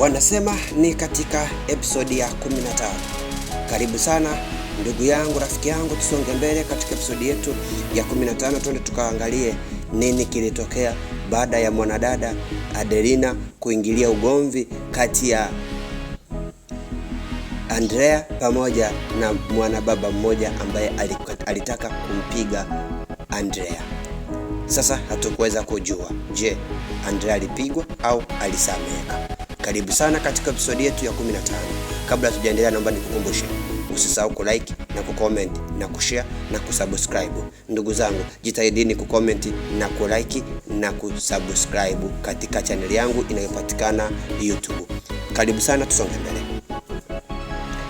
wanasema ni katika episodi ya 15. Karibu sana ndugu yangu, rafiki yangu, tusonge mbele katika episodi yetu ya 15, twende tukaangalie nini kilitokea baada ya mwanadada Adelina kuingilia ugomvi kati ya Andrea pamoja na mwanababa mmoja ambaye alitaka kumpiga Andrea. Sasa hatukuweza kujua, je, Andrea alipigwa au alisameka karibu sana katika episodi yetu ya 15. Kabla tujaendelea, naomba nikukumbushe usisahau ku like na ku comment na ku share na kusubscribe. Ndugu zangu, jitahidini ku comment na ku like na kusubscribe katika chaneli yangu inayopatikana YouTube. Karibu sana, tusonge mbele.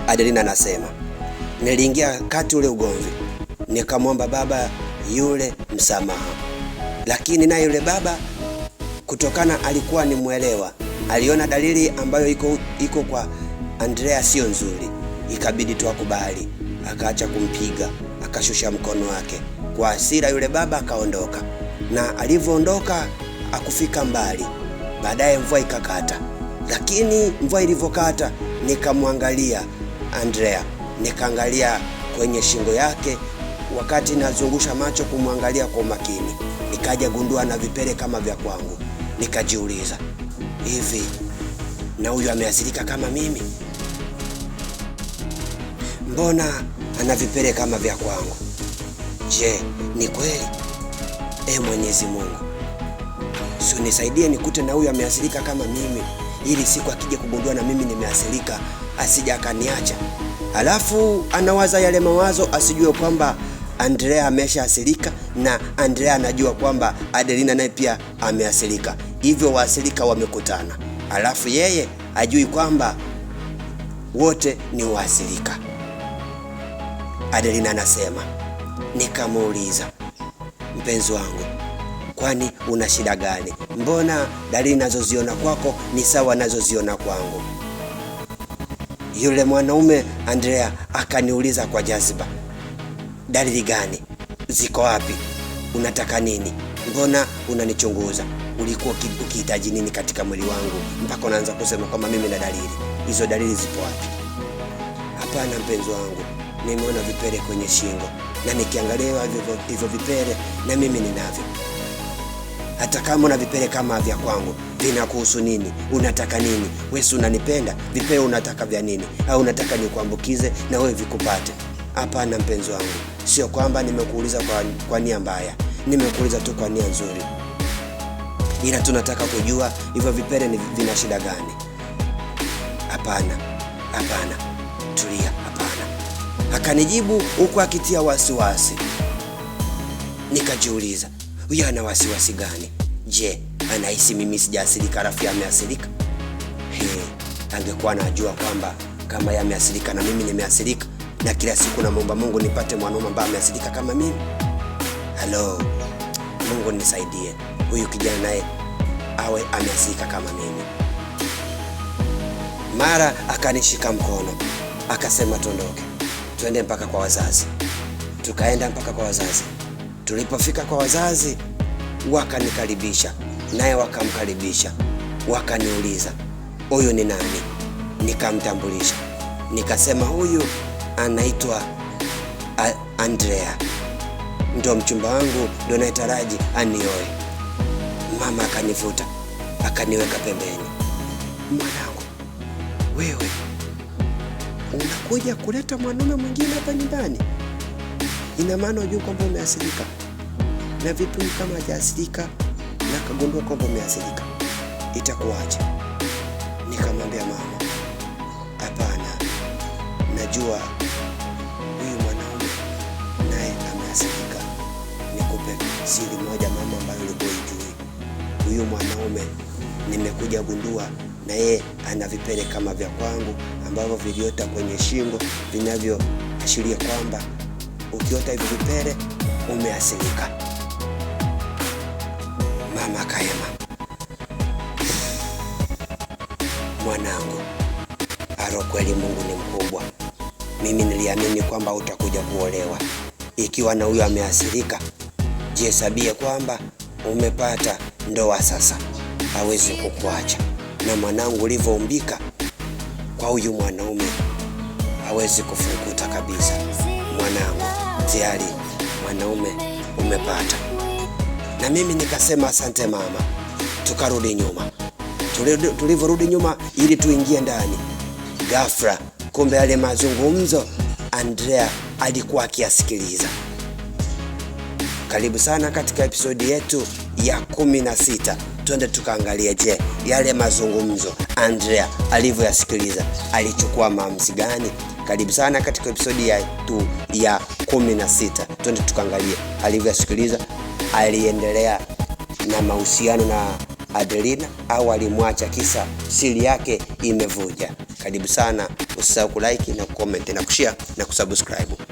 Adelina anasema niliingia kati ule ugomvi, nikamwomba baba yule msamaha, lakini naye yule baba kutokana alikuwa ni mwelewa aliona dalili ambayo iko, iko kwa Andrea sio nzuri, ikabidi tu akubali, akaacha kumpiga, akashusha mkono wake kwa hasira. Yule baba akaondoka, na alivyoondoka akufika mbali. Baadaye mvua ikakata, lakini mvua ilivyokata, nikamwangalia Andrea, nikaangalia kwenye shingo yake, wakati nazungusha macho kumwangalia kwa umakini, nikaja gundua na vipele kama vya kwangu, nikajiuliza hivi, na huyu ameathirika kama mimi? Mbona ana vipele kama vya kwangu? Je, ni kweli? E Mwenyezi Mungu, sio nisaidie nikute na huyu ameathirika kama mimi, ili siku akija kugundua na mimi nimeathirika asija akaniacha, alafu anawaza yale mawazo, asijue kwamba Andrea ameshaathirika na Andrea anajua kwamba Adelina naye pia ameathirika hivyo waasilika wamekutana, alafu yeye ajui kwamba wote ni waasilika. Adelina anasema nikamuuliza, mpenzi wangu, kwani una shida gani? Mbona dalili nazoziona kwako ni sawa nazoziona kwangu? Yule mwanaume Andrea akaniuliza kwa jaziba, dalili gani? Ziko wapi? Unataka nini? Mbona unanichunguza? ulikuwa ukihitaji nini katika mwili wangu mpaka unaanza kusema kwamba mimi na dalili hizo. Dalili zipo wapi? Hapana mpenzi wangu, nimeona vipele kwenye shingo na nikiangalia hivyo vipele na mimi ninavyo. Hata kama una vipele kama vya kwangu, vinakuhusu nini? Unataka nini? wesi unanipenda? Vipele unataka vya nini? Au unataka nikuambukize na wewe vikupate? Hapana mpenzi wangu, sio kwamba nimekuuliza kwa, kwa nia mbaya, nimekuuliza tu kwa nia nzuri ila tunataka kujua hivyo vipele ni vina shida gani? Hapana, hapana, tulia, hapana. Akanijibu huku akitia wasiwasi. Nikajiuliza, huyu ana wasiwasi gani? Je, anahisi mimi sijaasirika rafu ameathirika? Angekuwa anajua kwamba kama yeye na mimi nimeasirika na kila siku namwomba Mungu nipate mwanaume ambaye ameasirika kama mimi. Halo, Mungu nisaidie huyu kijana naye awe amezika kama mimi. Mara akanishika mkono akasema, tuondoke twende mpaka kwa wazazi. Tukaenda mpaka kwa wazazi. Tulipofika kwa wazazi, wakanikaribisha naye wakamkaribisha, wakaniuliza huyu ni nani? Nikamtambulisha nikasema, huyu anaitwa Andrea, ndo mchumba wangu, ndo naitaraji anioe mama akanivuta akaniweka pembeni. Mwanangu, wewe unakuja kuleta mwanaume mwingine hapa nyumbani, ina maana unajua kwamba umeasirika na vipi? Kama hajaasirika na kagundua kwamba umeasirika itakuwaje? Nikamwambia mama, hapana, najua huyu mwanaume naye ameasirika Nikupe siri moja mama, ambayo ilikuwa huyu mwanaume nimekuja gundua na yeye ana vipele kama vya kwangu ambavyo viliota kwenye shingo vinavyoashiria kwamba ukiota hivi vipele umeasilika. Mama kaema mwanangu, aro kweli, Mungu ni mkubwa. Mimi niliamini kwamba utakuja kuolewa. Ikiwa na huyo ameasilika, jihesabie kwamba umepata ndoa sasa, hawezi kukuacha. Na mwanangu, ulivyoumbika kwa huyu mwanaume hawezi kufukuta kabisa. Mwanangu, tayari mwanaume umepata. Na mimi nikasema asante mama, tukarudi nyuma. Tulivyorudi nyuma ili tuingie ndani, ghafla kumbe yale mazungumzo Andrea alikuwa akiyasikiliza. Karibu sana katika episodi yetu ya 16. Twende tukaangalia, je, yale mazungumzo Andrea alivyoyasikiliza alichukua maamuzi gani? Karibu sana katika episodi yetu ya 16. Twende tukaangalie alivyoyasikiliza, aliendelea na mahusiano na Adelina au alimwacha kisa siri yake imevuja. Karibu sana, usisahau kulike na kucomment na kushare na kusubscribe.